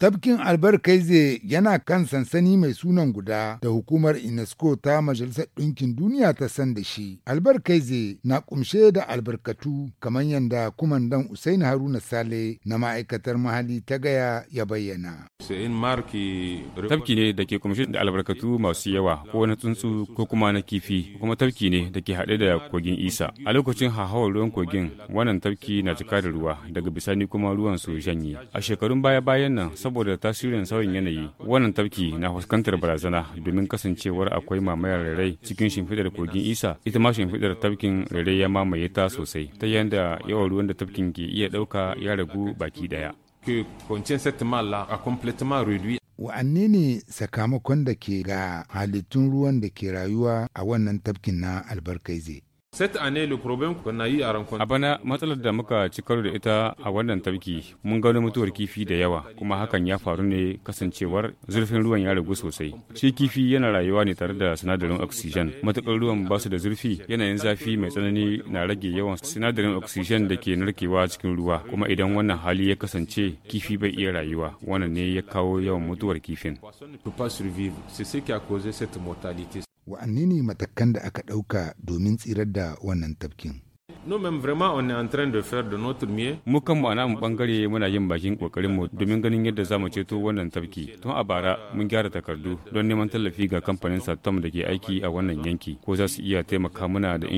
Tafkin Albarkaize yana kan sansani mai sunan guda da hukumar UNESCO ta Majalisar Ɗinkin Duniya ta san da shi. Albarkaize na kumshe da albarkatu kamar yadda kumandan Usaini Haruna Sale na ma'aikatar mahalli ta gaya ya bayyana. tabki ne da ke kumshe da albarkatu masu yawa ko na tsuntsu ko kuma na kifi kuma tabki ne da ke haɗe da kogin Isa. A lokacin hahawar ruwan kogin wannan tabki na cika da ruwa daga bisani kuma ruwan su janye. A shekarun baya-bayan nan saboda tasirin sauyin yanayi wannan tafki na fuskantar barazana domin kasancewar akwai mamayar rairai cikin shimfidar kogin isa ita ma shimfidar tafkin rairai ya mamaye ta sosai ta yadda yawan ruwan da tafkin ke iya dauka ya ragu baki daya. wa'anne ne sakamakon da ke ga halittun ruwan da ke rayuwa a wannan tafkin na albarkaize A bana matsalar da muka cikar da ita a wannan tafki mun gano mutuwar kifi da yawa kuma hakan ya faru ne kasancewar zurfin ruwan ya ragu sosai. Shi kifi yana rayuwa ne tare da sinadarin oxygen. Matukar ruwan basu da zurfi yanayin zafi mai tsanani na rage yawan sinadarin oxygen da ke narkewa cikin ruwa kuma idan wannan hali ya kasance kifi bai iya rayuwa wannan ne ya kawo yawan mutuwar kifin. wa'anne ne matakan da aka ɗauka domin tsirar da wannan tafkin? Mu kanmu a mu bangare muna yin bakin kokarin mu domin ganin yadda zamu mu ceto wannan tafki. Tun a bara mun gyara takardu don neman tallafi ga kamfanin Satom da ke aiki a wannan yanki ko za su iya taimaka muna da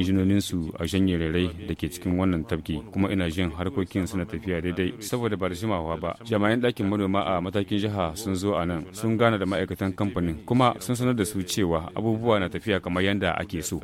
su a janye rairai da ke cikin wannan tafki kuma ina jin harkokin suna tafiya daidai saboda ba da jimawa ba. Jami'an ɗakin manoma a matakin jiha sun zo a nan sun gana da ma'aikatan kamfanin kuma sun sanar da su cewa abubuwa na tafiya kamar yadda ake so.